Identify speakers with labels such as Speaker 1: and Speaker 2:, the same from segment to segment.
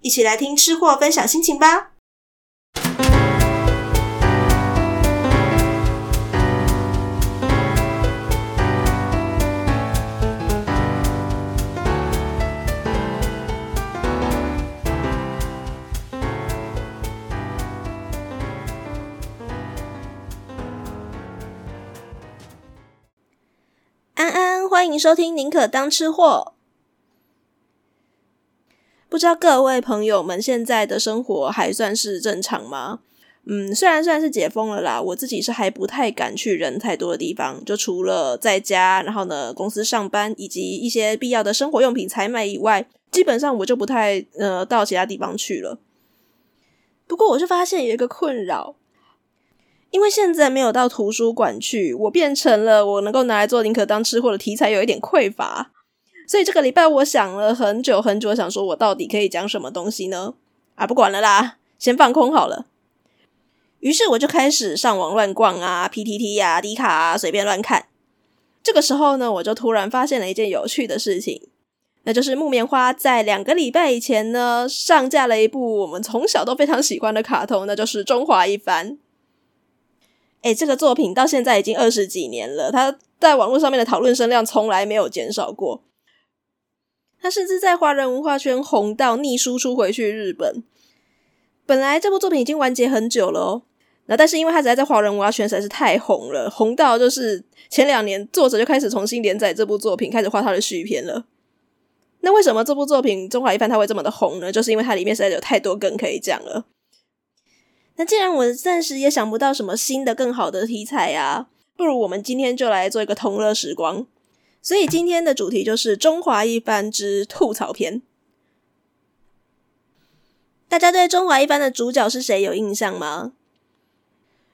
Speaker 1: 一起來聽吃貨分享心情吧！安安，歡迎收聽《寧可當吃貨》。不知道各位朋友們現在的生活還算是正常嗎？嗯，雖然算是解封了啦，我自己是還不太敢去人太多的地方，就除了在家，然後呢，公司上班以及一些必要的生活用品採買以外，基本上我就不太呃到其他地方去了。不過我就發現有一個困擾，因為現在沒有到圖書館去，我變成了我能夠拿來做寧可當吃貨的題材有一點匱乏。所以這個禮拜，我想了很久很久，想說我到底可以講什麼東西呢？啊，不管了啦，先放空好了。於是我就開始上網亂逛啊，PTT 呀、D 卡啊，隨便亂看。這個時候呢，我就突然發現了一件有趣的事情，那就是木棉花在兩個禮拜以前呢，上架了一部我們從小都非常喜歡的卡通，那就是《中華一番》。哎，這個作品到現在已經二十幾年了，它在網絡上面的討論聲量從來沒有減少過。他甚至在華人文化圈紅到逆輸出回去日本。本來這部作品已經完結很久了哦、喔，那但是因為他實在在華人文化圈實在是太紅了，紅到就是前兩年作者就開始重新連載這部作品，開始畫他的續篇了。那為什麼這部作品《中華一番》他會這麼的紅呢？就是因為它裡面實在是有太多梗可以講了。那既然我暫時也想不到什麼新的、更好的題材啊，不如我們今天就來做一個同樂時光。所以今天的主題就是《中華一番》之吐槽篇。大家對《中華一番》的主角是誰有印象嗎？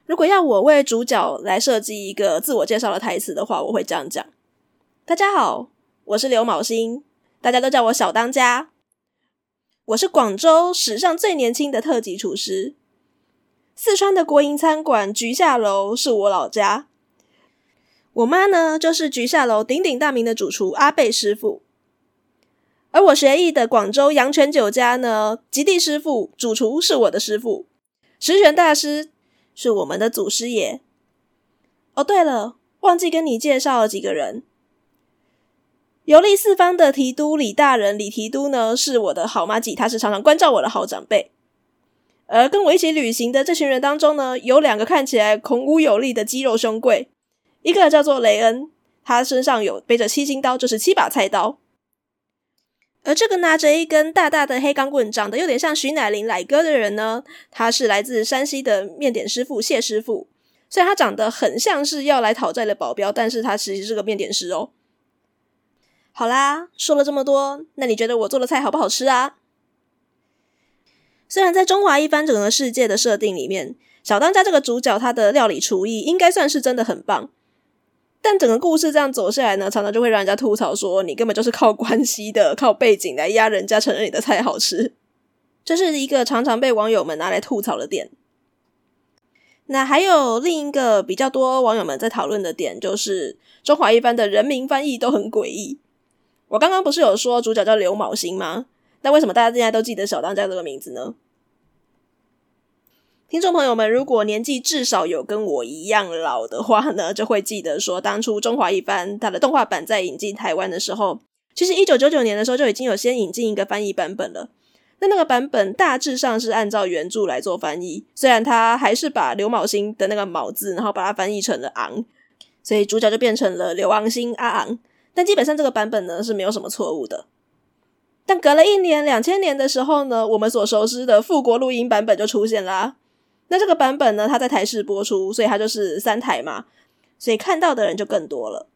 Speaker 1: 如果要我為主角來設計一個自我介紹的台詞的話，我會這樣講：大家好，我是劉昴星，大家都叫我小當家。我是廣州史上最年輕的特級廚師。四川的國營餐館菊下樓是我老家。我媽呢，就是菊下樓鼎鼎大名的主廚阿貝師傅。而我學藝的廣州陽泉酒家呢，及第師傅、主廚是我的師傅，十全大師是我們的祖師爺。哦，對了，忘記跟你介紹了幾個人，遊歷四方的提督李大人，李提督呢，是我的好麻吉，他是常常關照我的好長輩。而跟我一起旅行的這群人當中呢，有兩個看起來孔武有力的肌肉兄貴。一個叫做雷恩，他身上有背着七星刀，就是七把菜刀。而這個拿着一根大大的黑鋼棍，長得有點像徐乃麟、乃哥的人呢，他是來自山西的麵點師傅謝師傅。雖然他長得很像是要來討債的保鏢，但是他其實是個麵點師哦。好啦，說了這麼多，那你覺得我做的菜好不好吃啊？雖然在《中華一番》整個世界的設定裡面，小當家這個主角他的料理廚藝應該算是真的很棒。但整個故事這樣走下來呢，常常就會讓人家吐槽說，你根本就是靠關係的、靠背景來壓人家承認你的菜好吃，這是一個常常被網友們拿來吐槽的點。那還有另一個比較多網友們在討論的點，就是中華一番的人名翻譯都很詭異。我剛剛不是有說主角叫劉昴星嗎？那為什麼大家現在都記得小當家這個名字呢？聽眾朋友們，如果年紀至少有跟我一樣老的話呢，就會記得說，當初《中華一番》它的動畫版在引進台灣的時候，其實一九九九年的時候就已經有先引進一個翻譯版本了。那那個版本大致上是按照原著來做翻譯，雖然他還是把劉昴星的那個“昴”字，然後把它翻譯成了“昂”，所以主角就變成了劉昂星阿昂。但基本上這個版本呢是沒有什麼錯誤的。但隔了一年，兩千年的時候呢，我們所熟知的富國錄音版本就出現啦。那這個版本呢，它在台視播出，所以它就是三台嘛，所以看到的人就更多了。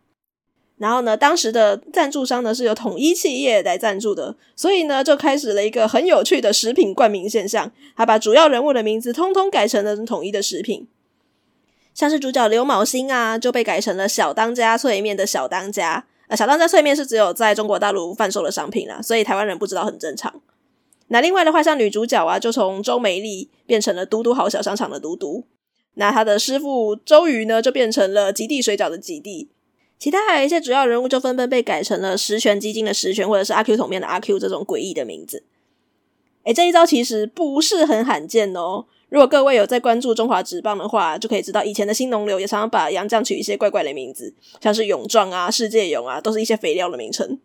Speaker 1: 然後呢，當時的贊助商呢是由統一企業來贊助的，所以呢就開始了一個很有趣的食品冠名現象，還把主要人物的名字通通改成了統一的食品，像是主角劉昴星啊就被改成了小當家脆麵的小當家。啊，小當家脆麵是只有在中國大陸販售的商品啦，所以台灣人不知道很正常。那另外的話，像女主角啊，就從周梅麗變成了嘟嘟好小商場的嘟嘟。那她的師傅周瑜呢，就變成了及第水餃的及第。其他還有一些主要人物，就紛紛被改成了十全雞精的十全，或者是阿 Q 桶麵的阿 Q 這種詭異的名字。哎，這一招其實不是很罕見哦。如果各位有在關注中華職棒的話，就可以知道以前的興農牛也常常把洋將取一些怪怪的名字，像是勇壯啊、世界勇啊，都是一些肥料的名稱。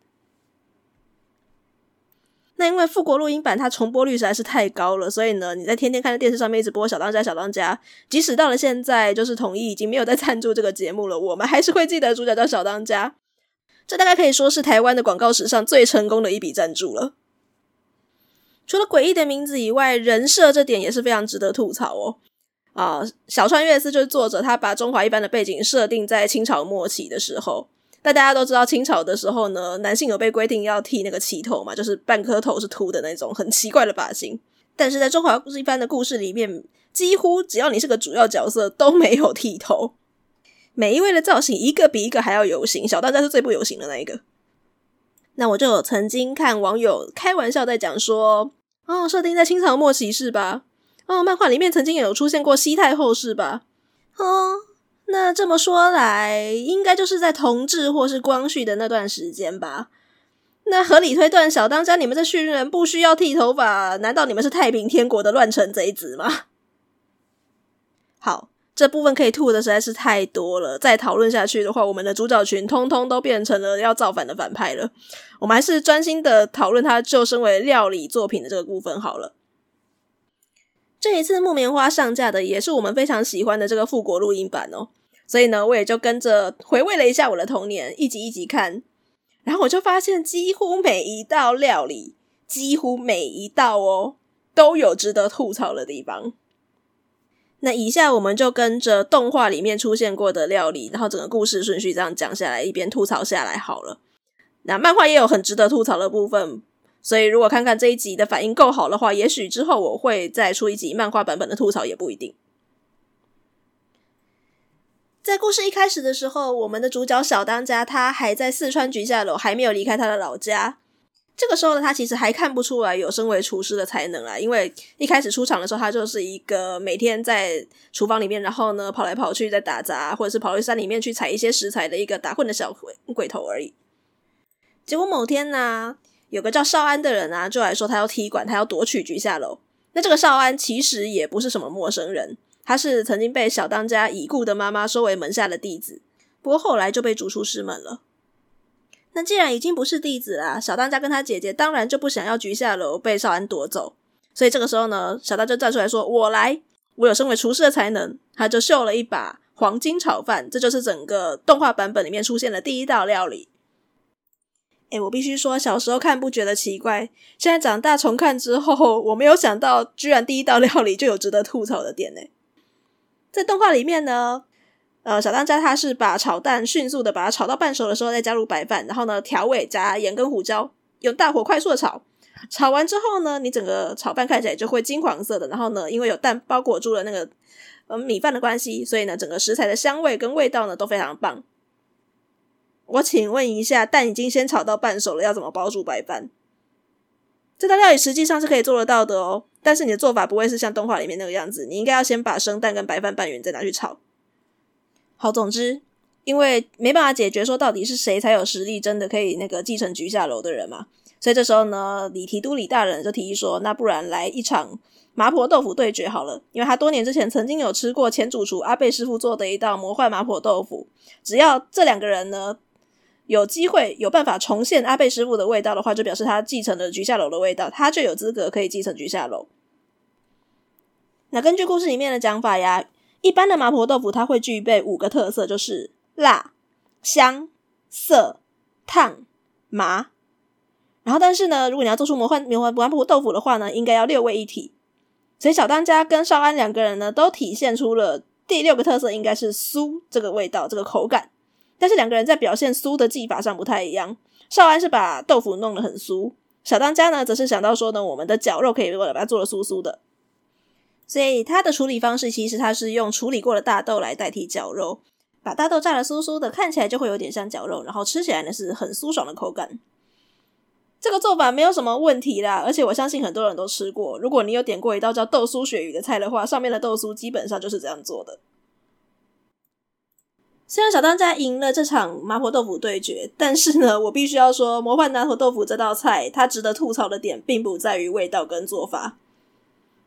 Speaker 1: 那因為復國錄音版它重播率實在是太高了，所以呢，你在天天看到電視上面一直播小當家小當家。即使到了現在，就是統一已經沒有再贊助這個節目了，我們還是會記得主角叫小當家。這大概可以說是台灣的廣告史上最成功的一筆贊助了。除了詭異的名字以外，人設這點也是非常值得吐槽哦。啊，小川悅司就是作者，他把中華一番的背景設定在清朝末期的時候。但大家都知道，清朝的時候呢，男性有被規定要剃那個齊頭嘛，就是半顆頭是禿的那種很奇怪的髮型。但是在中華故事一番的故事裡面，幾乎只要你是個主要角色，都沒有剃頭。每一位的造型一個比一個還要有型，小當家是最不有型的那一個。那我就曾經看網友開玩笑在講說：“哦，設定在清朝末期是吧？哦，漫畫裡面曾經有出現過西太後是吧？哦。”那這麼說來，應該就是在同治或是光緒的那段時間吧？那合理推斷，小當家你們這訓人不需要剃頭髮？難道你們是太平天國的亂臣賊子嗎？好，這部分可以吐的實在是太多了。再討論下去的話，我們的主角群通通都變成了要造反的反派了。我們還是專心的討論他就身為料理作品的這個部分好了。這一次木棉花上架的也是我們非常喜歡的這個復古錄音版哦，所以呢，我也就跟着回味了一下我的童年，一集一集看，然後我就發現幾乎每一道料理，幾乎每一道哦，都有值得吐槽的地方。那以下我們就跟着動畫裡面出現過的料理，然後整個故事順序這樣講下來，一邊吐槽下來好了。那漫畫也有很值得吐槽的部分。所以，如果看看這一集的反應夠好的話，也許之後我會再出一集漫畫版本的吐槽，也不一定。在故事一開始的時候，我們的主角小當家他還在四川菊下樓，還沒有離開他的老家。這個時候呢，他其實還看不出來有身為廚師的才能啦，啊，因為一開始出場的時候，他就是一個每天在廚房裡面，然後呢，跑來跑去在打雜，或者是跑去山裡面去採一些食材的一個打混的小鬼鬼頭而已。結果某天呢，啊。有個叫紹安的人啊，就來說他要踢館，他要奪取菊下樓。那這個紹安其實也不是什麼陌生人，他是曾經被小當家已故的媽媽收為門下的弟子，不過後來就被逐出師門了。那既然已經不是弟子了，小當家跟他姐姐當然就不想要菊下樓被紹安奪走，所以這個時候呢，小當家站出來說：“我來，我有身為廚師的才能。”他就秀了一把黃金炒飯，這就是整個動畫版本裡面出現的第一道料理。哎，我必須說，小時候看不覺得奇怪，現在長大重看之後，我沒有想到，居然第一道料理就有值得吐槽的點呢。在動畫裡面呢，呃，小當家他是把炒蛋迅速的把它炒到半熟的時候，再加入白飯，然後呢調味加鹽跟胡椒，用大火快速的炒。炒完之後呢，你整個炒飯看起來就會金黃色的。然後呢，因為有蛋包裹住了那個嗯、呃、米飯的關係，所以呢，整個食材的香味跟味道呢都非常棒。我請問一下，蛋已經先炒到半熟了，要怎麼包住白飯？這道料理實際上是可以做得到的哦，但是你的做法不會是像動畫裡面那個樣子，你應該要先把生蛋跟白飯拌勻，再拿去炒。好，總之，因為沒辦法解決說到底是誰才有實力真的可以那個繼承菊下樓的人嘛，所以這時候呢，李提督李大人就提議說，那不然來一場麻婆豆腐對決好了，因為他多年之前曾經有吃過前主廚阿貝師傅做的一道魔幻麻婆豆腐，只要這兩個人呢。有機會有辦法重現阿貝師傅的味道的話，就表示他繼承了菊下樓的味道，他就有資格可以繼承菊下樓。那根據故事裡面的講法呀，一般的麻婆豆腐它會具備五個特色，就是辣、香、色、燙、麻。然後，但是呢，如果你要做出魔幻魔幻麻婆豆腐的話呢，應該要六味一體。所以，小當家跟少安兩個人呢，都體現出了第六個特色，應該是酥這個味道，這個口感。但是兩個人在表現酥的技法上不太一樣。少安是把豆腐弄得很酥，小當家呢則是想到說呢，我們的絞肉可以把它做得酥酥的，所以他的處理方式其實他是用處理過的大豆來代替絞肉，把大豆炸得酥酥的，看起來就會有點像絞肉，然後吃起來呢是很酥爽的口感。這個做法沒有什麼問題啦，而且我相信很多人都吃過。如果你有點過一道叫豆酥鱈魚的菜的話，上面的豆酥基本上就是這樣做的。雖然小當家贏了這場麻婆豆腐對決，但是呢，我必須要說，魔幻麻婆豆腐這道菜，它值得吐槽的點並不在於味道跟做法，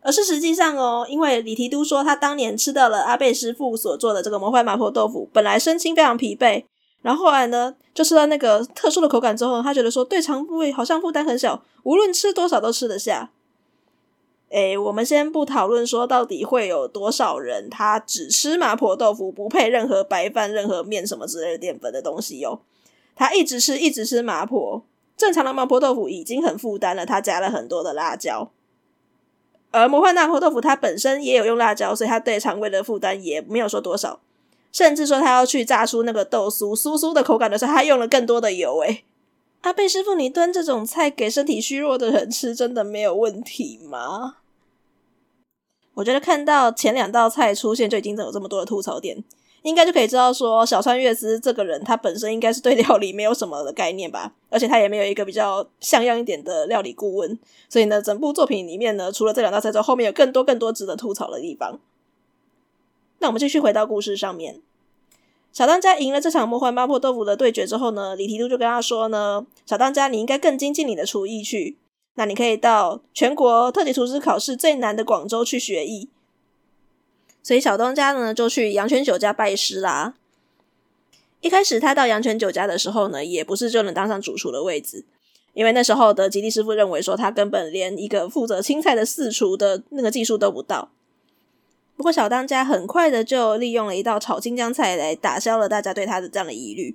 Speaker 1: 而是實際上哦，因為李提督說他當年吃到了阿貝師傅所做的這個魔幻麻婆豆腐，本來身心非常疲憊，然後後來呢，就吃到那個特殊的口感之後，他覺得說對腸胃好像負擔很小，無論吃多少都吃得下。哎，我們先不討論說到底會有多少人，他只吃麻婆豆腐不配任何白飯、任何麵什麼之類的澱粉的東西喲、哦。他一直吃，一直吃麻婆。正常的麻婆豆腐已經很負擔了，他加了很多的辣椒。而魔幻麻婆豆腐它本身也有用辣椒，所以它對腸胃的負擔也沒有說多少。甚至說他要去炸出那個豆酥酥酥的口感的時候，他用了更多的油哎。那貝、啊、師傅，你端這種菜給身體虛弱的人吃，真的沒有問題嗎？我覺得看到前兩道菜出現，就已經有這麼多的吐槽點，應該就可以知道說小川悅司這個人，他本身應該是對料理沒有什麼的概念吧，而且他也沒有一個比較像樣一點的料理顧問，所以呢，整部作品裡面呢，除了這兩道菜之後，後面有更多更多值得吐槽的地方。那我們繼續回到故事上面。小當家贏了這場夢幻麻婆豆腐的對決之後呢，李提督就跟他說呢：“小當家，你應該更精進你的廚藝去。那你可以到全國特級廚師考試最難的廣州去學藝。”所以小當家呢就去陽泉酒家拜師啦。一開始他到陽泉酒家的時候呢，也不是就能當上主廚的位置，因為那時候的吉利師傅認為說他根本連一個負責青菜的四廚的那個技術都不到。不過小當家很快的就利用了一道炒青江菜來打消了大家對他的這樣的疑慮。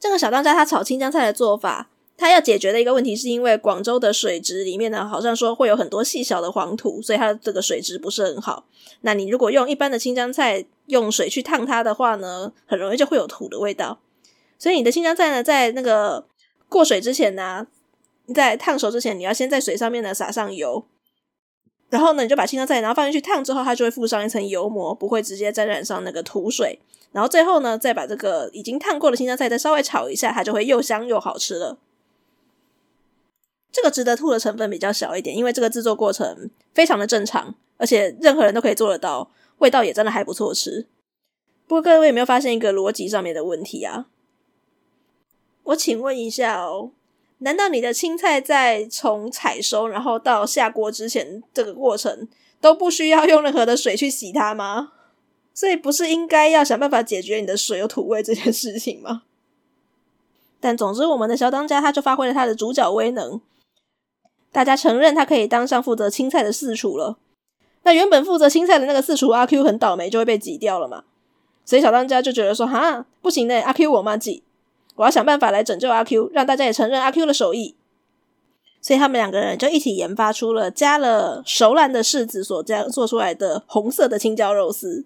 Speaker 1: 這個小當家他炒青江菜的做法，他要解決的一個問題是因為廣州的水質裡面呢，好像說會有很多細小的黃土，所以它的這個水質不是很好。那你如果用一般的青江菜用水去燙它的話呢，很容易就會有土的味道。所以你的青江菜呢，在那個過水之前呢，啊，在燙熟之前，你要先在水上面呢撒上油。然後呢，你就把青菜，然後放進去燙之後，它就會附上一層油膜，不會直接沾染上那個土水。然後最後呢，再把這個已經燙過的青菜再稍微炒一下，它就會又香又好吃了。這個值得吐的成分比較小一點，因為這個製作過程非常的正常，而且任何人都可以做得到，味道也真的還不錯吃。不過各位有沒有發現一個邏輯上面的問題啊？我請問一下哦。難道你的青菜在從採收然後到下鍋之前這個過程都不需要用任何的水去洗它嗎？所以不是應該要想辦法解決你的水有土味這件事情嗎？但總之，我們的小當家他就發揮了他的主角威能，大家承認他可以當上負責青菜的四廚了。那原本負責青菜的那個四廚阿 Q 很倒霉就會被擠掉了嘛，所以小當家就覺得說哈，不行的，阿 Q 我媽擠。我要想辦法來拯救阿 Q，讓大家也承認阿 Q 的手藝。所以他們兩個人就一起研發出了加了熟爛的柿子所這樣做出來的紅色的青椒肉絲。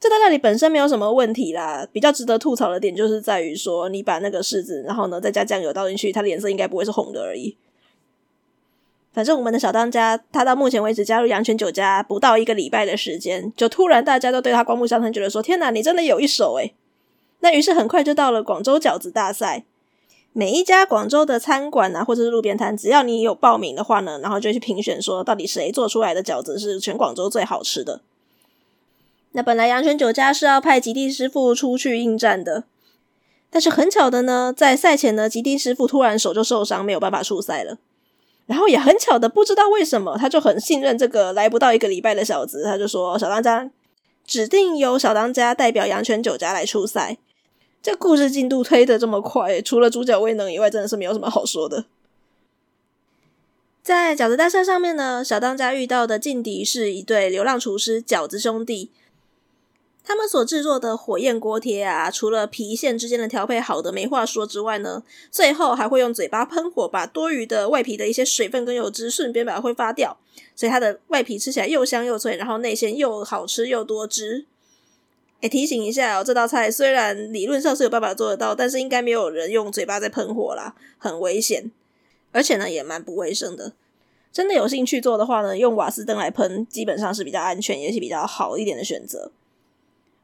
Speaker 1: 這道料理本身沒有什麼問題啦。比較值得吐槽的點就是在於說，你把那個柿子，然後呢再加醬油倒進去，它的顏色應該不會是紅的而已。反正我們的小當家他到目前為止加入陽泉酒家不到一個禮拜的時間，就突然大家都對他刮目相看，覺得說：天哪，你真的有一手哎、欸！那於是很快就到了廣州餃子大賽，每一家廣州的餐館啊，或者是路邊攤，只要你有報名的話呢，然後就去評選，說到底誰做出來的餃子是全廣州最好吃的。那本來陽泉酒家是要派及第師傅出去應戰的，但是很巧的呢，在賽前呢，及第師傅突然手就受傷，沒有辦法出賽了。然後也很巧的，不知道為什麼，他就很信任這個來不到一個禮拜的小子，他就說小當家，指定由小當家代表陽泉酒家來出賽。這故事進度推的這麼快，除了主角威能以外，真的是沒有什麼好說的。在餃子大賽上面呢，小當家遇到的勁敵是一對流浪廚師餃子兄弟。他們所制作的火焰鍋貼啊，除了皮餡之間的調配好的沒話說之外呢，最後還會用嘴巴噴火，把多餘的外皮的一些水分跟油脂順便把它揮發掉，所以它的外皮吃起來又香又脆，然後內餡又好吃又多汁。也提醒一下哦，這道菜雖然理論上是有辦法做得到，但是應該沒有人用嘴巴在噴火啦，很危險，而且呢也蠻不衛生的。真的有興趣做的話呢，用瓦斯燈來噴，基本上是比較安全，也是比較好一點的選擇。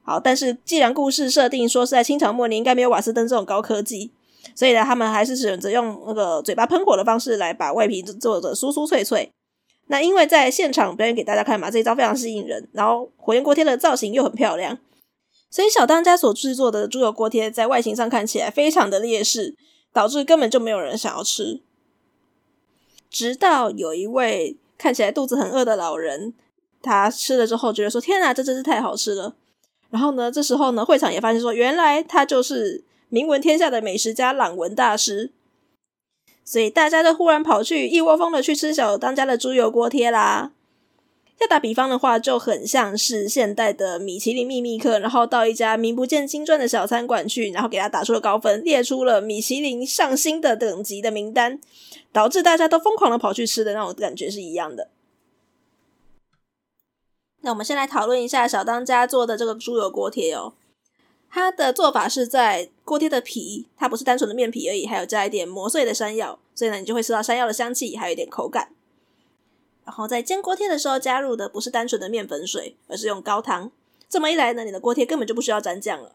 Speaker 1: 好，但是既然故事設定說是在清朝末年，應該沒有瓦斯燈這種高科技，所以呢他們還是選擇用那個嘴巴噴火的方式來把外皮做得酥酥脆脆。那因為在現場表演給大家看嘛，這一招非常吸引人，然後火焰鍋貼的造型又很漂亮。所以小當家所製作的豬油鍋貼，在外形上看起來非常的劣勢，導致根本就沒有人想要吃。直到有一位看起來肚子很餓的老人，他吃了之後覺得說：“天哪，這真是太好吃了！”然後呢，這時候呢，會場也發現說，原來他就是名聞天下的美食家朗文大師。所以大家都忽然跑去一窩蜂的去吃小當家的豬油鍋貼啦。再打比方的話，就很像是現代的米其林秘密客，然後到一家名不見經傳的小餐館去，然後給他打出了高分，列出了米其林上星的等級的名單，導致大家都瘋狂的跑去吃的那種感覺是一樣的。那我們先來討論一下小當家做的這個豬油鍋貼哦。它的做法是在鍋貼的皮，它不是單純的麵皮而已，還有加一點磨碎的山藥，所以呢，你就會吃到山藥的香氣，還有一點口感。然後在煎鍋貼的時候加入的不是單純的麵粉水，而是用高湯。這麼一來呢，你的鍋貼根本就不需要沾醬了。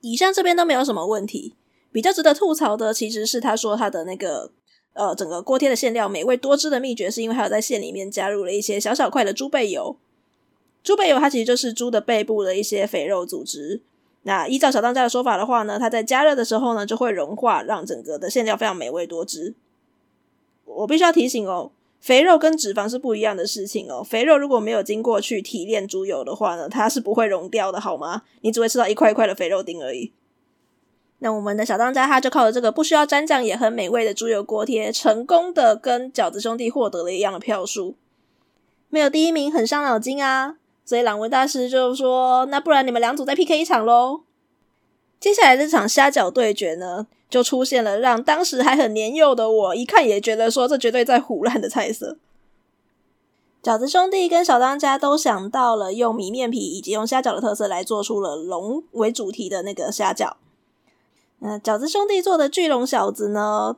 Speaker 1: 以上這邊都沒有什麼問題，比較值得吐槽的其實是他說他的那個呃整個鍋貼的餡料美味多汁的秘訣，是因為還有在餡裡面加入了一些小小塊的豬背油。豬背油它其實就是豬的背部的一些肥肉組織。那依照小當家的說法的話呢，它在加熱的時候呢就會融化，讓整個的餡料非常美味多汁。我必須要提醒哦。肥肉跟脂肪是不一樣的事情哦，肥肉如果沒有經過去提煉豬油的話呢，它是不會溶掉的，好嗎？你只會吃到一塊一塊的肥肉丁而已。那我們的小當家他就靠着這個不需要沾醬也很美味的豬油鍋貼，成功的跟餃子兄弟獲得了一樣的票數，沒有第一名很傷腦筋啊。所以朗文大師就說：“那不然你們兩組再 PK 一場嘍。”接下來這場蝦餃對決呢，就出現了讓當時還很年幼的我一看也覺得說這絕對在唬爛的菜色。餃子兄弟跟小當家都想到了用米麵皮以及用蝦餃的特色來做出了龍為主題的那個蝦餃。嗯、呃，餃子兄弟做的巨龍餃子呢，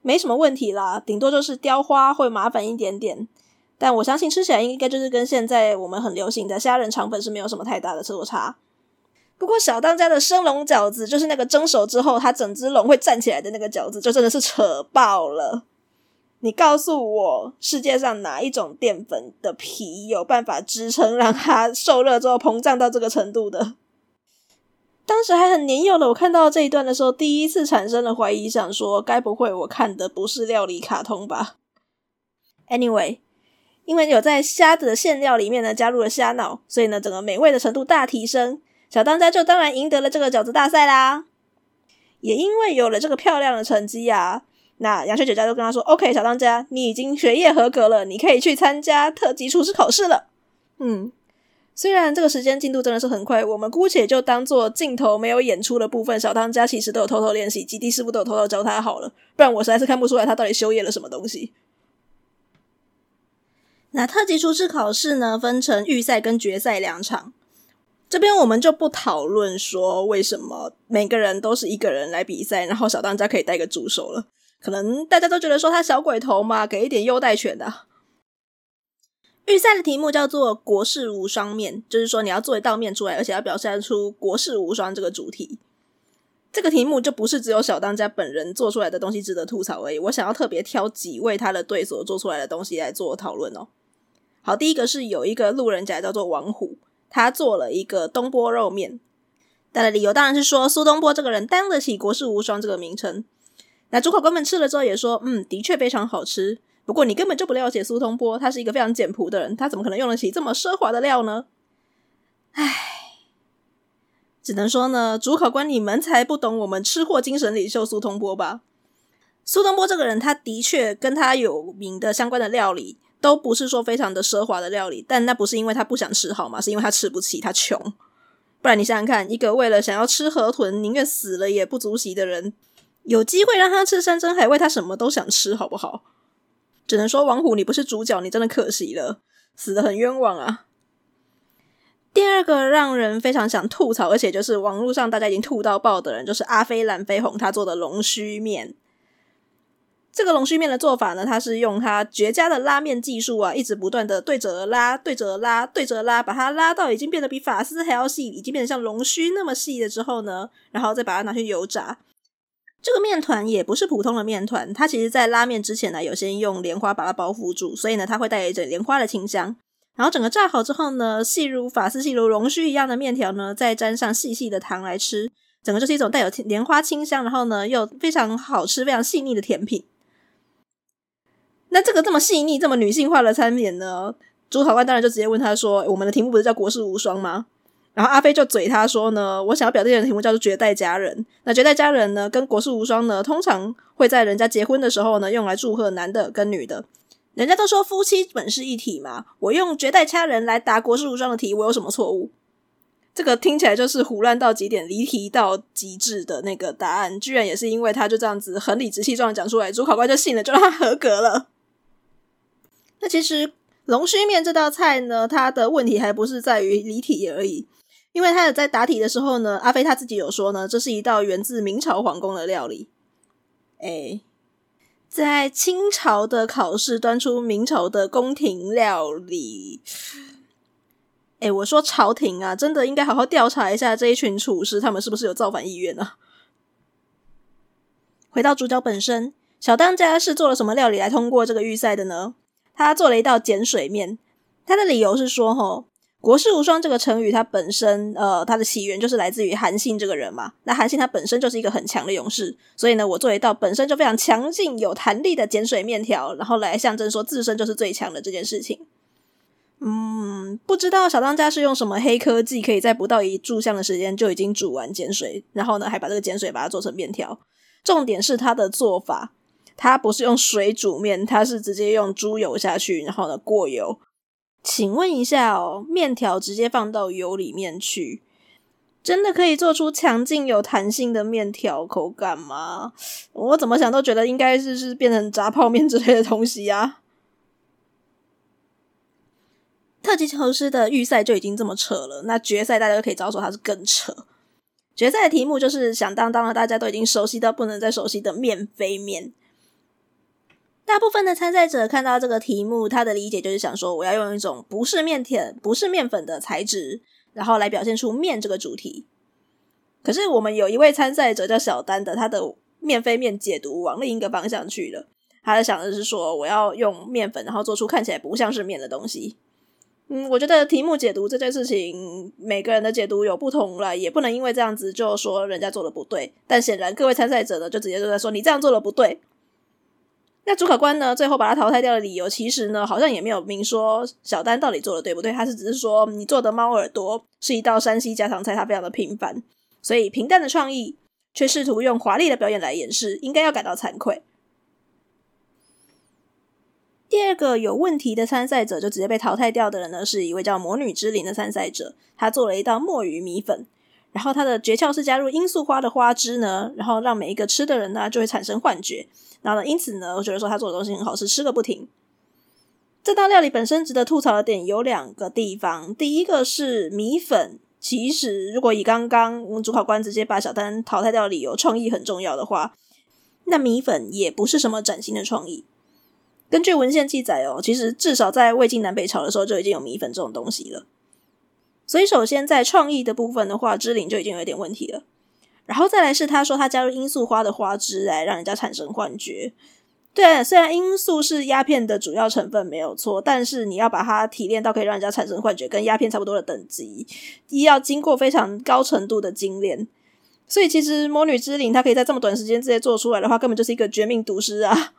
Speaker 1: 沒什麼問題啦，頂多就是雕花會麻煩一點點。但我相信吃起來應該就是跟現在我們很流行的蝦仁腸粉是沒有什麼太大的落差。不過，小當家的生龍餃子就是那個蒸熟之後，它整只龍會站起來的那個餃子，就真的是扯爆了。你告訴我，世界上哪一種澱粉的皮有辦法支撐讓它受熱之後膨脹到這個程度的？當時還很年幼的我看到這一段的時候，第一次產生了懷疑，想說該不會我看的不是料理卡通吧？Anyway，因為有在蝦子的餡料裡面呢加入了蝦腦，所以呢整個美味的程度大提升。小當家就當然贏得了這個餃子大賽啦，也因為有了這個漂亮的成績呀、啊，那陽泉酒家就跟他說：“OK，小當家，你已經學業合格了，你可以去參加特級廚師考試了。”嗯，雖然這個時間進度真的是很快，我們姑且就當做鏡頭沒有演出的部分，小當家其實都有偷偷練習，基地師傅都有偷偷教他好了，不然我實在是看不出來他到底修業了什麼東西。那特級廚師考試呢，分成預賽跟決賽兩場。這邊我們就不討論說為什麼每個人都是一個人來比賽，然後小當家可以帶個助手了。可能大家都覺得說他小鬼頭嘛，給一點優待權的、啊。預賽的題目叫做“國士無雙麵”，就是說你要做一道面出來，而且要表現出“國士無雙”這個主題。這個題目就不是只有小當家本人做出來的東西值得吐槽而已。我想要特別挑幾位他的對手做出來的東西來做討論哦。好，第一個是有一個路人甲叫做王虎。他做了一個東坡肉麵，他的理由當然是說蘇東坡這個人擔得起“國士無雙”這個名稱。那主考官們吃了之後也說：“嗯，的確非常好吃。”不過你根本就不了解蘇東坡，他是一個非常簡樸的人，他怎麼可能用得起這麼奢華的料呢？唉，只能說呢，主考官你們才不懂我們吃貨精神領袖蘇東坡吧。蘇東坡這個人，他的確跟他有名的相關的料理。都不是說非常的奢華的料理，但那不是因為他不想吃好嗎？是因為他吃不起，他窮。不然你想想看，一個為了想要吃河豚寧願死了也不足惜的人，有機會讓他吃山珍海味，他什麼都想吃，好不好？只能說王虎，你不是主角，你真的可惜了，死得很冤枉啊。第二個讓人非常想吐槽，而且就是網絡上大家已經吐到爆的人，就是阿飛藍飛鴻他做的龍鬚麵。這個龍鬚麵的做法呢，它是用它絕佳的拉麵技術啊，一直不斷地對着的對折拉，對折拉，對折拉，把它拉到已經變得比髮絲還要細，已經變得像龍鬚那麼細了之後呢，然後再把它拿去油炸。這個麵團也不是普通的麵團，它其實在拉麵之前呢，有先用蓮花把它包覆住，所以呢，它會帶一種蓮花的清香。然後整個炸好之後呢，細如髮絲、細如龍鬚一樣的麵條呢，再沾上細細的糖來吃，整個就是一種帶有蓮花清香，然後呢又非常好吃、非常細膩的甜品。那這個這麼細膩、這麼女性化的餐點呢？主考官當然就直接問他說：“我們的題目不是叫‘國士無雙’嗎？”然後阿飛就嘴他說：“呢，我想要表現的題目叫做‘絕代佳人’。那‘絕代佳人’呢，跟‘國士無雙’呢，通常會在人家結婚的時候呢，用來祝賀男的跟女的。人家都說夫妻本是一體嘛。我用‘絕代佳人’來答‘國士無雙’的題，我有什麼錯誤？這個聽起來就是胡亂到極點、離題到極致的那個答案，居然也是因為他就這樣子很理直氣壯的講出來，主考官就信了，就讓他合格了。”其實龍鬚麵這道菜呢，它的問題還不是在於離題而已，因為他有在答題的時候呢，阿飛他自己有說呢，這是一道源自明朝皇宮的料理。哎，在清朝的考試端出明朝的宮廷料理。哎，我說朝廷啊，真的應該好好調查一下這一群廚師，他們是不是有造反意願啊？回到主角本身，小當家是做了什麼料理來通過這個預賽的呢？他做了一道鹼水麵，他的理由是說，齁，國士無雙這個成語，它本身，呃，它的起源就是來自於韓信這個人嘛。那韓信他本身就是一個很強的勇士，所以呢，我做一道本身就非常強勁、有彈力的鹼水麵條，然後來象徵說自身就是最強的這件事情。嗯，不知道小當家是用什麼黑科技，可以在不到一炷香的時間就已經煮完鹼水，然後呢，還把這個鹼水把它做成麵條。重點是他的做法。它不是用水煮麵，它是直接用豬油下去，然後呢過油。請問一下哦，麵條直接放到油裡面去，真的可以做出強勁有彈性的麵條口感嗎？我怎麼想都覺得應該是是變成炸泡麵之類的東西啊。特級廚師的預賽就已經這麼扯了，那決賽大家都可以着手，它是更扯。決賽的題目就是響噹噹的，大家都已經熟悉到不能再熟悉的“麵飛麵”。大部分的參賽者看到這個題目，他的理解就是想說，我要用一種不是麵團、不是麵粉的材質，然後來表現出麵這個主題。可是我們有一位參賽者叫小丹的，他的麵非麵解讀往另一個方向去了。他在想的是說，我要用麵粉，然後做出看起來不像是麵的東西。嗯，我覺得題目解讀這件事情，每個人的解讀有不同啦，也不能因為這樣子就說人家做的不對。但顯然，各位參賽者呢，就直接就在說你這樣做的不對。那主考官呢？最後把他淘汰掉的理由，其實呢，好像也沒有明說小丹到底做的對不對。他是只是說，你做的貓耳朵是一道山西家常菜，它非常的平凡，所以平淡的創意卻試圖用華麗的表演來掩飾，應該要感到慚愧。第二個有問題的參賽者就直接被淘汰掉的人呢，是一位叫魔女之靈的參賽者，他做了一道墨魚米粉。然後它的訣竅是加入罌粟花的花汁呢，然後讓每一個吃的人呢就會產生幻覺。然後呢，因此呢，我覺得說他做的東西很好吃，吃個不停。這道料理本身值得吐槽的點有兩個地方，第一個是米粉。其實如果以剛剛我們主考官直接把小丹淘汰掉的理由，創意很重要的話，那米粉也不是什麼嶄新的創意。根據文獻記載哦，其實至少在魏晉南北朝的時候就已經有米粉這種東西了。所以，首先在創意的部分的話，之靈就已經有點問題了。然後再來是，他說他加入罌粟花的花汁，來讓人家產生幻覺。對啊，雖然罌粟是鴉片的主要成分沒有錯，但是你要把它提煉到可以讓人家產生幻覺、跟鴉片差不多的等級，一要經過非常高程度的精煉。所以，其實魔女之靈她可以在這麼短時間之內做出來的話，根本就是一個絕命毒師啊！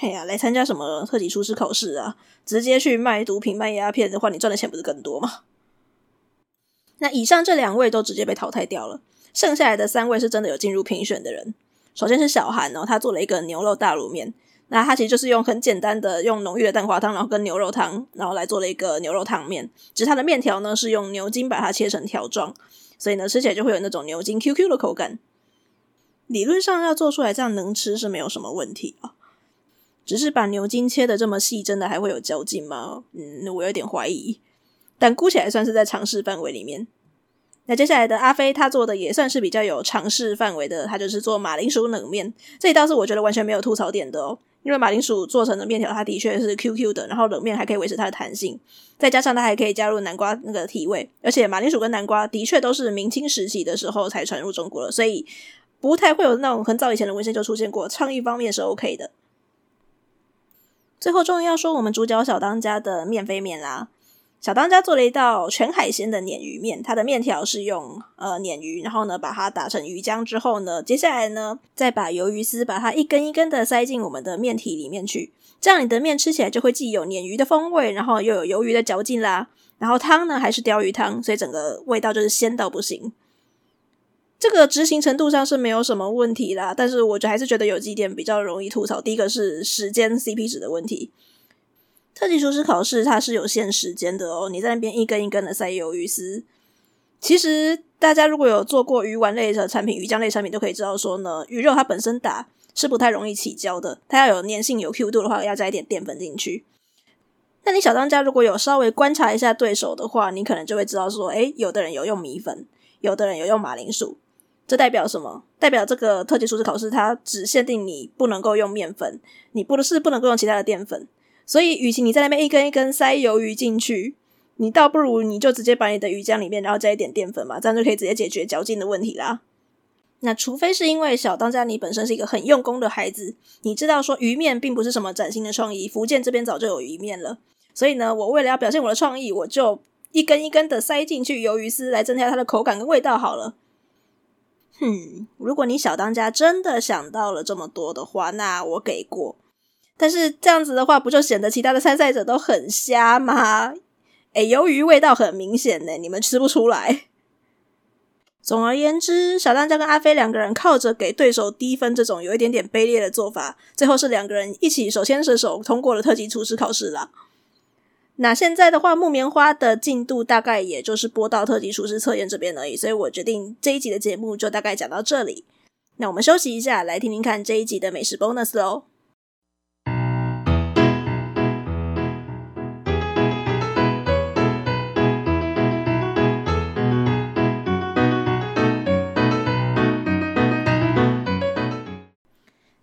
Speaker 1: 哎呀，來參加什麼特級廚師考試啊？直接去賣毒品、賣鴉片的話，你賺的錢不是更多嗎？那以上這兩位都直接被淘汰掉了，剩下來的三位是真的有進入評選的人。首先是小韓哦，然後他做了一個牛肉大滷麵。那他其實就是用很簡單的，用濃郁的蛋花湯，然後跟牛肉湯，然後來做了一個牛肉湯麵。只是他的麵條呢是用牛筋把它切成條狀，所以呢吃起來就會有那種牛筋 Q Q 的口感。理論上要做出來這樣能吃是沒有什麼問題啊，只是把牛筋切得這麼細，真的還會有嚼勁嗎？嗯，我有點懷疑。但估起來算是在嘗試範圍裡面。那接下來的阿飛他做的也算是比較有嘗試範圍的，他就是做馬鈴薯冷麵，這一道是我覺得完全沒有吐槽點的哦，因為馬鈴薯做成的麵條，它的確是 Q Q 的，然後冷麵還可以維持它的彈性，再加上它還可以加入南瓜那個提味，而且馬鈴薯跟南瓜的確都是明清時期的時候才傳入中國了，所以不太會有那種很早以前的文獻就出現過，創意方面是 OK 的。最後終於要說我們主角小當家的麵非麵啦、啊。小當家做了一道全海鮮的鯰魚麵，它的麵條是用呃鯰魚，然後呢把它打成魚漿之後呢，接下來呢再把魷魚絲把它一根一根的塞進我們的麵體裡面去，這樣你的麵吃起來就會既有鯰魚的風味，然後又有魷魚的嚼勁啦。然後湯呢還是鯛魚湯，所以整個味道就是鮮到不行。這個執行程度上是沒有什麼問題啦，但是我就還是覺得有幾點比較容易吐槽。第一個是時間 CP 值的問題。特級廚師考試，它是有限時間的哦，你在那邊一根一根的塞魷魚絲。其實大家如果有做過魚丸類的產品、魚醬類產品，就可以知道說呢，魚肉它本身打是不太容易起膠的，它要有黏性、有 Q 度的話，要加一點澱粉進去。那你小當家如果有稍微觀察一下對手的話，你可能就會知道說，哎、欸，有的人有用米粉，有的人有用馬鈴薯，這代表什麼？代表這個特級廚師考試，它只限定你不能夠用麵粉，你不是不能夠用其他的澱粉。所以，與其你在那邊一根一根塞魷魚進去，你倒不如你就直接把你的魚漿裡面，然後加一點澱粉嘛，這樣就可以直接解決嚼勁的問題啦。那除非是因為小當家你本身是一個很用功的孩子，你知道說魚麵並不是什麼嶄新的創意，福建這邊早就有魚麵了。所以呢，我為了要表現我的創意，我就一根一根的塞進去魷魚絲來增加它的口感跟味道好了。哼、嗯，如果你小當家真的想到了這麼多的話，那我給過。但是這樣子的話，不就顯得其他的參賽者都很瞎嗎？哎、欸，魷魚味道很明顯呢，你們吃不出來。總而言之，小當家跟阿飛兩個人靠着給對手低分這種有一點點卑劣的做法，最後是兩個人一起手牽着手通過了特級廚師考試了。那現在的話，木棉花的進度大概也就是播到特級廚師測驗這邊而已，所以我決定這一集的節目就大概講到這裡。那我們休息一下，來聽聽看這一集的美食 bonus 嘍。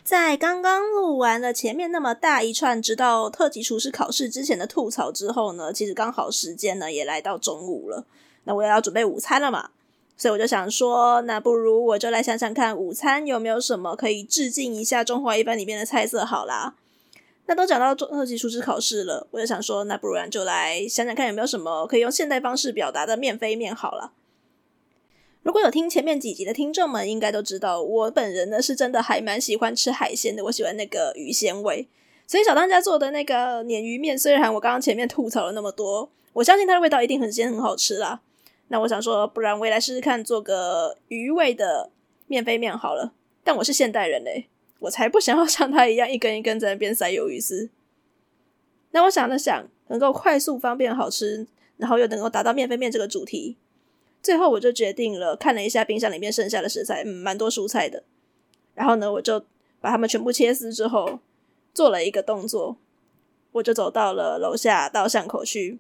Speaker 1: 在剛剛錄完了前面那麼大一串，直到特級廚師考試之前的吐槽之後呢，其實剛好時間呢也來到中午了。那我也要準備午餐了嘛，所以我就想說，那不如我就來想想看，午餐有沒有什麼可以致敬一下中華一番裡面的菜色好啦。那都講到中特級廚師考試了，我就想說，那不然就來想想看有沒有什麼可以用現代方式表達的麵飛麵好了。如果有聽前面幾集的聽眾們，應該都知道，我本人呢是真的還蠻喜歡吃海鮮的。我喜歡那個魚鮮味，所以小當家做的那個鯰魚麵，雖然我剛剛前面吐槽了那麼多，我相信它的味道一定很鮮很好吃啦。那我想說，不然我也來試試看，做個魚味的麵飛麵好了。但我是現代人嘞、欸，我才不想要像他一樣一根一根在那邊塞魷魚絲。那我想了想能夠快速、方便、好吃，然後又能夠達到麵飛麵這個主題。最後我就決定了，看了一下冰箱裡面剩下的食材，嗯，蠻多蔬菜的。然後呢，我就把它們全部切絲之後，做了一個動作，我就走到了樓下，到巷口去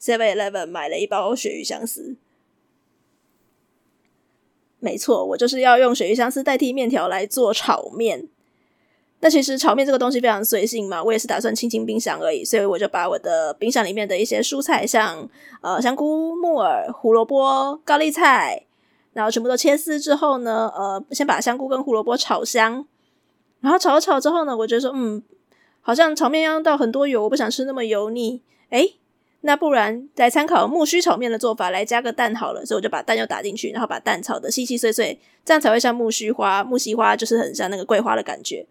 Speaker 1: Seven Eleven 買了一包鱈魚香絲。沒錯，我就是要用鱈魚香絲代替麵條來做炒麵。那其實炒麵這個東西非常隨性嘛，我也是打算清清冰箱而已，所以我就把我的冰箱裡面的一些蔬菜像，像呃香菇、木耳、胡蘿蔔、高麗菜，然後全部都切絲之後呢，呃，先把香菇跟胡蘿蔔炒香，然後炒了炒之後呢，我覺得說嗯，好像炒麵要倒很多油，我不想吃那麼油膩，哎，那不然來參考木須炒麵的做法來加個蛋好了，所以我就把蛋又打進去，然後把蛋炒得細細碎碎，這樣才會像木須花，木須花就是很像那個桂花的感覺。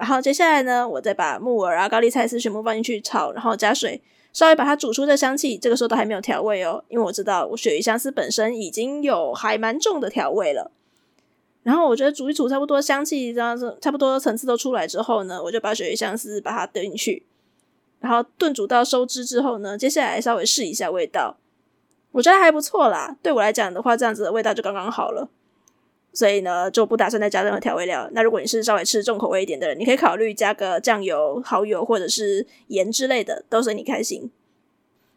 Speaker 1: 然後接下來呢，我再把木耳啊、高麗菜絲全部放進去炒，然後加水，稍微把它煮出這香氣。這個時候都還沒有調味哦，因為我知道我鱈魚香絲本身已經有還蠻重的調味了。然後我覺得煮一煮差不多香氣這樣子，差不多層次都出來之後呢，我就把鱈魚香絲把它丟進去，然後燉煮到收汁之後呢，接下來稍微試一下味道，我覺得還不錯啦。對我來講的話，這樣子的味道就剛剛好了。所以呢，就不打算再加任何調味料。那如果你是稍微吃重口味一點的人，你可以考慮加個醬油、蠔油或者是鹽之類的，都隨你開心。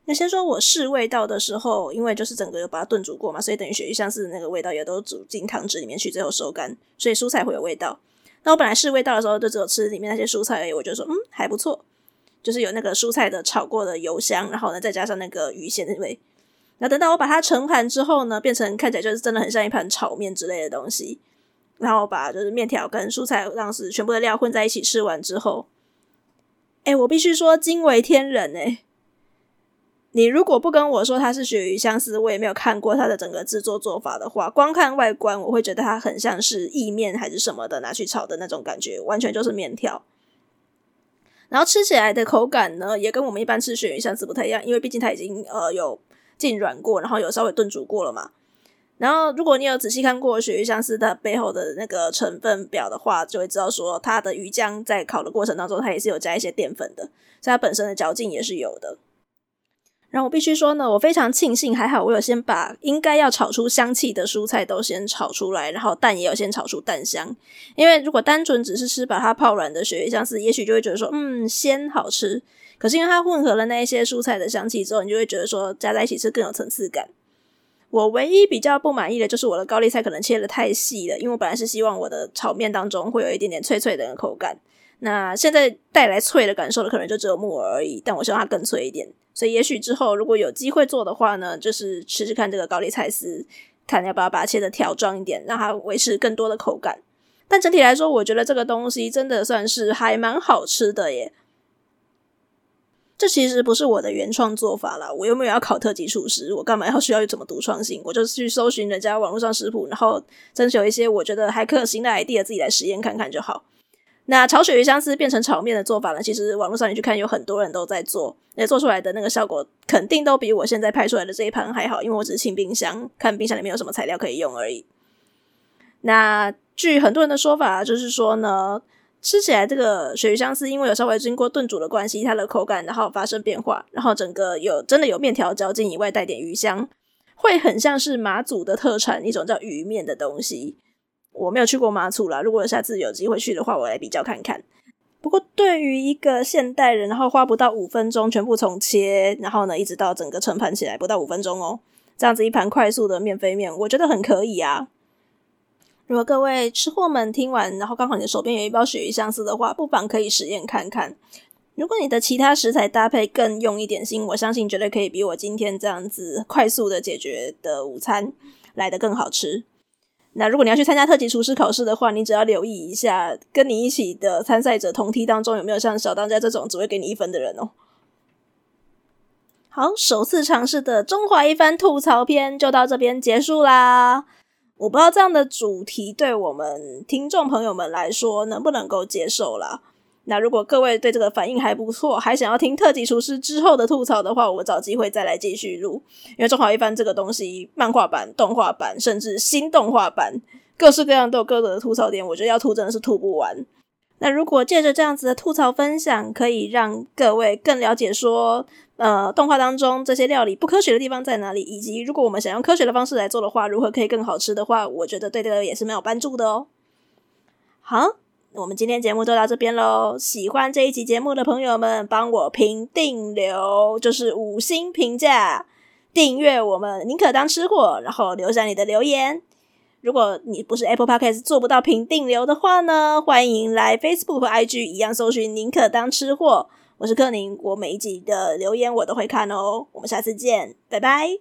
Speaker 1: 那先說我試味道的時候，因為就是整個把它燉煮過嘛，所以等於鱈魚相似的那個味道也都煮進湯汁裡面去，最後收乾，所以蔬菜會有味道。那我本來試味道的時候，就只有吃裡面那些蔬菜而已，我就說嗯還不錯，就是有那個蔬菜的炒過的油香，然後呢再加上那個魚鮮的味。那等到我把它盛盤之後呢，變成看起來就是真的很像一盤炒麵之類的東西。然後把就是麵條跟蔬菜當時全部的料混在一起吃完之後，哎，我必須說驚為天人哎！你如果不跟我說它是鱈魚香絲，我也沒有看過它的整個製作做法的話，光看外觀我會覺得它很像是意麵還是什麼的，拿去炒的那種感覺，完全就是麵條。然後吃起來的口感呢，也跟我們一般吃鱈魚香絲不太一樣，因為畢竟它已經呃有。浸軟過，然後有稍微燉煮過了嘛。然後，如果你有仔細看過鱈魚香絲它背後的那個成分表的話，就會知道說它的魚漿在烤的過程當中，它也是有加一些澱粉的，所以它本身的嚼勁也是有的。然後我必須說呢，我非常慶幸，還好我有先把應該要炒出香氣的蔬菜都先炒出來，然後蛋也有先炒出蛋香。因為如果單純只是吃把它泡軟的鱈魚香絲，也許就會覺得說，嗯，鮮好吃。可是因為它混合了那一些蔬菜的香氣之後，你就會覺得說，加在一起吃更有層次感。我唯一比較不滿意的，就是我的高麗菜可能切得太細了，因為我本來是希望我的炒麵當中會有一點點脆脆的口感。那現在帶來脆的感受的可能就只有木耳而已，但我希望它更脆一點。所以也許之後如果有機會做的話呢，就是吃吃看這個高麗菜絲，看要不要把它切的條狀一點，讓它維持更多的口感。但整體來說，我覺得這個東西真的算是還蠻好吃的耶。這其實不是我的原創做法啦，我又沒有要考特級廚師，我幹嘛要需要有什麼獨創性？我就去搜尋人家網絡上食譜，然後徵求一些我覺得還可行的 idea，自己來實驗看看就好。那炒鱈魚香絲變成炒麵的做法呢？其實網絡上你去看，有很多人都在做，那做出來的那個效果肯定都比我現在拍出來的這一盤還好，因為我只是清冰箱，看冰箱裡面有什麼材料可以用而已。那據很多人的說法，就是說呢，吃起來這個鱈魚香絲，因為有稍微經過燉煮的關係，它的口感然後發生變化，然後整個有真的有麵條嚼勁以外，帶點魚香，會很像是馬祖的特產一種叫魚麵的東西。我沒有去過麻醋啦，如果下次有機會去的話，我來比較看看。不過對於一個現代人，然後花不到五分鐘全部重切，然後呢一直到整個盛盤起來不到五分鐘哦、喔，這樣子一盤快速的面飛面，我覺得很可以啊。如果各位吃貨們聽完，然後剛好你的手邊有一包鱈魚香絲的話，不妨可以實驗看看。如果你的其他食材搭配更用一點心，我相信絕對可以比我今天這樣子快速的解決的午餐來的更好吃。那如果你要去參加特級廚師考試的話，你只要留意一下，跟你一起的參賽者同梯當中有沒有像小當家這種只會給你一分的人喔。好，首次嘗試的中華一番吐槽篇就到這邊結束啦。我不知道這樣的主題對我們聽眾朋友們來說能不能夠接受啦。那如果各位對這個反應還不錯，還想要聽特級廚師之後的吐槽的話，我找機會再來繼續錄，因為中華一番這個東西，漫畫版、動畫版，甚至新動畫版，各式各樣都有各自的吐槽點，我覺得要吐真的是吐不完。那如果借着這樣子的吐槽分享，可以讓各位更了解說，呃，動畫當中這些料理不科學的地方在哪裡，以及如果我們想用科學的方式來做的話，如何可以更好吃的話，我覺得對這個也是蠻有幫助的哦。好。我們今天節目就到這邊嘍。喜歡這一集節目的朋友們，幫我評定留，就是五星評價，訂閱我們寧可當吃貨，然後留下你的留言。如果你不是 Apple Podcast 做不到評定留的話呢，歡迎來 Facebook 和 IG 一樣搜尋寧可當吃貨。我是柯寧，我每一集的留言我都會看哦。我們下次見，拜拜。